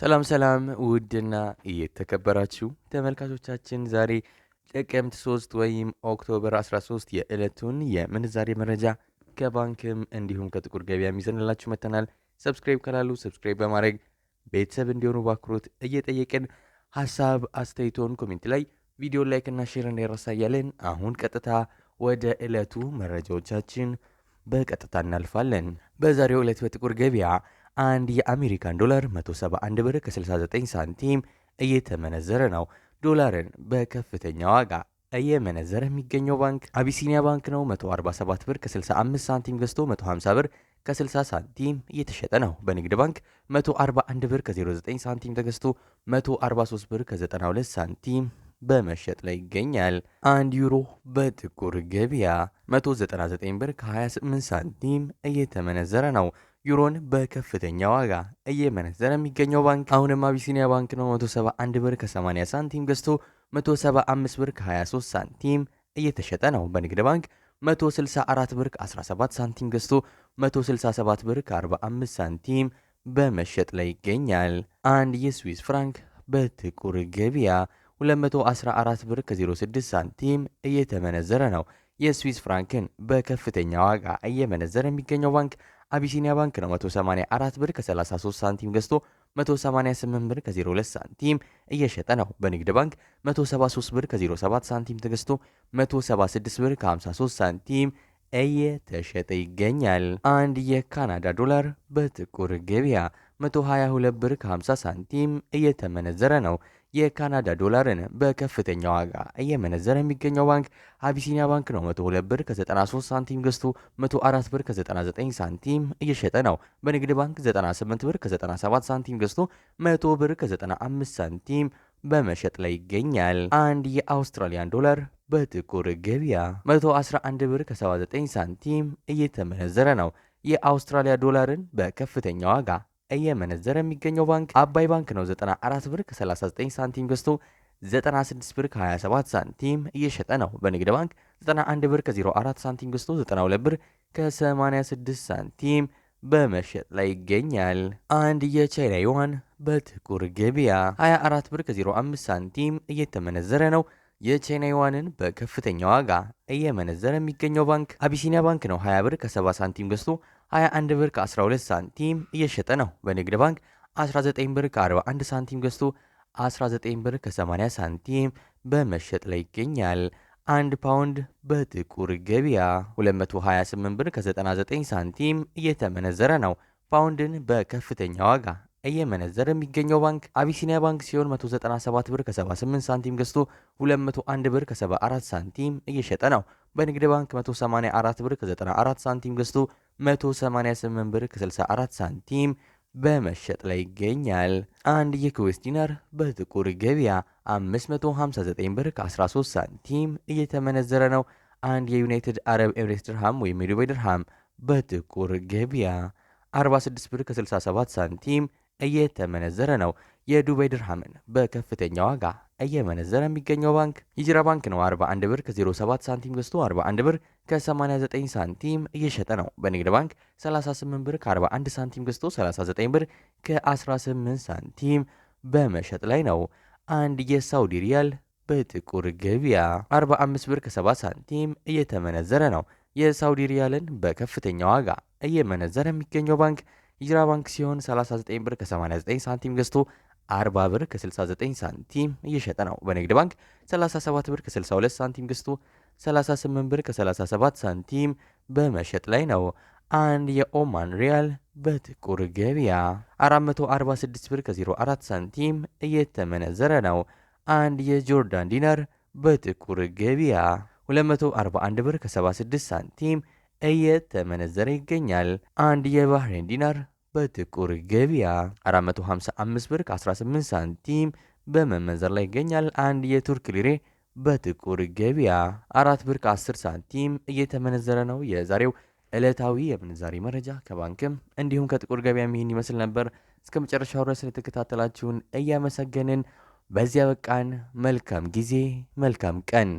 ሰላም ሰላም ውድና እየተከበራችሁ ተመልካቾቻችን ዛሬ ጥቅምት 3 ወይም ኦክቶበር 13 የዕለቱን የምንዛሬ መረጃ ከባንክም እንዲሁም ከጥቁር ገበያ ይዘንላችሁ መጥተናል። ሰብስክራይብ ካላሉ ሰብስክራይብ በማድረግ ቤተሰብ እንዲሆኑ በአክብሮት እየጠየቅን ሀሳብ አስተያየቶን ኮሜንት ላይ ቪዲዮ ላይክና ሼር እንዳይረሳ እያለን አሁን ቀጥታ ወደ ዕለቱ መረጃዎቻችን በቀጥታ እናልፋለን። በዛሬው ዕለት በጥቁር ገበያ አንድ የአሜሪካን ዶላር 171 ብር ከ69 ሳንቲም እየተመነዘረ ነው። ዶላርን በከፍተኛ ዋጋ እየመነዘረ የሚገኘው ባንክ አቢሲኒያ ባንክ ነው። 147 ብር ከ65 ሳንቲም ገዝቶ 150 ብር ከ60 ሳንቲም እየተሸጠ ነው። በንግድ ባንክ 141 ብር ከ09 ሳንቲም ተገዝቶ 143 ብር ከ92 ሳንቲም በመሸጥ ላይ ይገኛል። አንድ ዩሮ በጥቁር ገበያ 199 ብር ከ28 ሳንቲም እየተመነዘረ ነው። ዩሮን በከፍተኛ ዋጋ እየመነዘረ የሚገኘው ባንክ አሁንም አቢሲኒያ ባንክ ነው። 171 ብር ከ80 ሳንቲም ገዝቶ 175 ብር ከ23 ሳንቲም እየተሸጠ ነው። በንግድ ባንክ 164 ብር ከ17 ሳንቲም ገዝቶ 167 ብር ከ45 ሳንቲም በመሸጥ ላይ ይገኛል። አንድ የስዊስ ፍራንክ በጥቁር ገበያ 214 ብር ከ06 ሳንቲም እየተመነዘረ ነው። የስዊስ ፍራንክን በከፍተኛ ዋጋ እየመነዘረ የሚገኘው ባንክ አቢሲኒያ ባንክ ነው 184 ብር ከ33 ሳንቲም ገዝቶ 188 ብር ከ02 ሳንቲም እየሸጠ ነው። በንግድ ባንክ 173 ብር ከ07 ሳንቲም ተገዝቶ 176 ብር ከ53 ሳንቲም እየተሸጠ ይገኛል። አንድ የካናዳ ዶላር በጥቁር ገበያ 122 ብር ከ50 ሳንቲም እየተመነዘረ ነው። የካናዳ ዶላርን በከፍተኛ ዋጋ እየመነዘረ የሚገኘው ባንክ አቢሲኒያ ባንክ ነው። 102 ብር ከ93 ሳንቲም ገዝቶ 104 ብር ከ99 ሳንቲም እየሸጠ ነው። በንግድ ባንክ 98 ብር ከ97 ሳንቲም ገዝቶ 100 ብር ከ95 ሳንቲም በመሸጥ ላይ ይገኛል። አንድ የአውስትራሊያን ዶላር በጥቁር ገበያ 111 ብር ከ79 ሳንቲም እየተመነዘረ ነው። የአውስትራሊያ ዶላርን በከፍተኛ ዋጋ እየመነዘረ የሚገኘው ባንክ አባይ ባንክ ነው። 94 ብር ከ39 ሳንቲም ገዝቶ 96 ብር ከ27 ሳንቲም እየሸጠ ነው። በንግድ ባንክ 91 ብር ከ04 ሳንቲም ገዝቶ 92 ብር ከ86 ሳንቲም በመሸጥ ላይ ይገኛል። አንድ የቻይና ዩዋን በጥቁር ገበያ 24 ብር ከ05 ሳንቲም እየተመነዘረ ነው። የቻይና ዩዋንን በከፍተኛ ዋጋ እየመነዘረ የሚገኘው ባንክ አቢሲኒያ ባንክ ነው። 20 ብር ከ70 ሳንቲም ገዝቶ 21 ብር ከ12 ሳንቲም እየሸጠ ነው። በንግድ ባንክ 19 ብር ከ41 ሳንቲም ገዝቶ 19 ብር ከ80 ሳንቲም በመሸጥ ላይ ይገኛል። አንድ ፓውንድ በጥቁር ገበያ 228 ብር ከ99 ሳንቲም እየተመነዘረ ነው። ፓውንድን በከፍተኛ ዋጋ እየመነዘረ የሚገኘው ባንክ አቢሲኒያ ባንክ ሲሆን 197 ብር ከ78 ሳንቲም ገዝቶ 201 ብር ከ74 ሳንቲም እየሸጠ ነው። በንግድ ባንክ 184 ብር ከ94 ሳንቲም ገዝቶ 188 ብር ከ64 ሳንቲም በመሸጥ ላይ ይገኛል። አንድ የኩዌስ ዲናር በጥቁር ገበያ 559 ብር ከ13 ሳንቲም እየተመነዘረ ነው። አንድ የዩናይትድ አረብ ኤምሬት ድርሃም ወይም የዱባይ ድርሃም በጥቁር ገበያ 46 ብር ከ67 ሳንቲም እየተመነዘረ ነው። የዱባይ ድርሃምን በከፍተኛ ዋጋ እየመነዘረ የሚገኘው ባንክ ሂጅራ ባንክ ነው። 41 ብር ከ07 ሳንቲም ገዝቶ 41 ብር ከ89 ሳንቲም እየሸጠ ነው። በንግድ ባንክ 38 ብር ከ41 ሳንቲም ገዝቶ 39 ብር ከ18 ሳንቲም በመሸጥ ላይ ነው። አንድ የሳውዲ ሪያል በጥቁር ገቢያ 45 ብር ከ7 ሳንቲም እየተመነዘረ ነው። የሳውዲ ሪያልን በከፍተኛ ዋጋ እየመነዘረ የሚገኘው ባንክ ሂጅራ ባንክ ሲሆን 39 ብር ከ89 ሳንቲም ገዝቶ 40 ብር ከ69 ሳንቲም እየሸጠ ነው። በንግድ ባንክ 37 ብር ከ62 ሳንቲም ገዝቶ 38 ብር ከ37 ሳንቲም በመሸጥ ላይ ነው። አንድ የኦማን ሪያል በጥቁር ገበያ 446 ብር ከ04 ሳንቲም እየተመነዘረ ነው። አንድ የጆርዳን ዲናር በጥቁር ገበያ 241 ብር ከ76 ሳንቲም እየተመነዘረ ይገኛል። አንድ የባህሬን ዲናር በጥቁር ገበያ 455 ብር 18 ሳንቲም በመመንዘር ላይ ይገኛል። አንድ የቱርክ ሊሬ በጥቁር ገበያ 4 ብር 10 ሳንቲም እየተመነዘረ ነው። የዛሬው ዕለታዊ የምንዛሬ መረጃ ከባንክም እንዲሁም ከጥቁር ገበያ ይህን ይመስል ነበር። እስከ መጨረሻው ድረስ ስለተከታተላችሁን እያመሰገንን በዚያ በቃን። መልካም ጊዜ፣ መልካም ቀን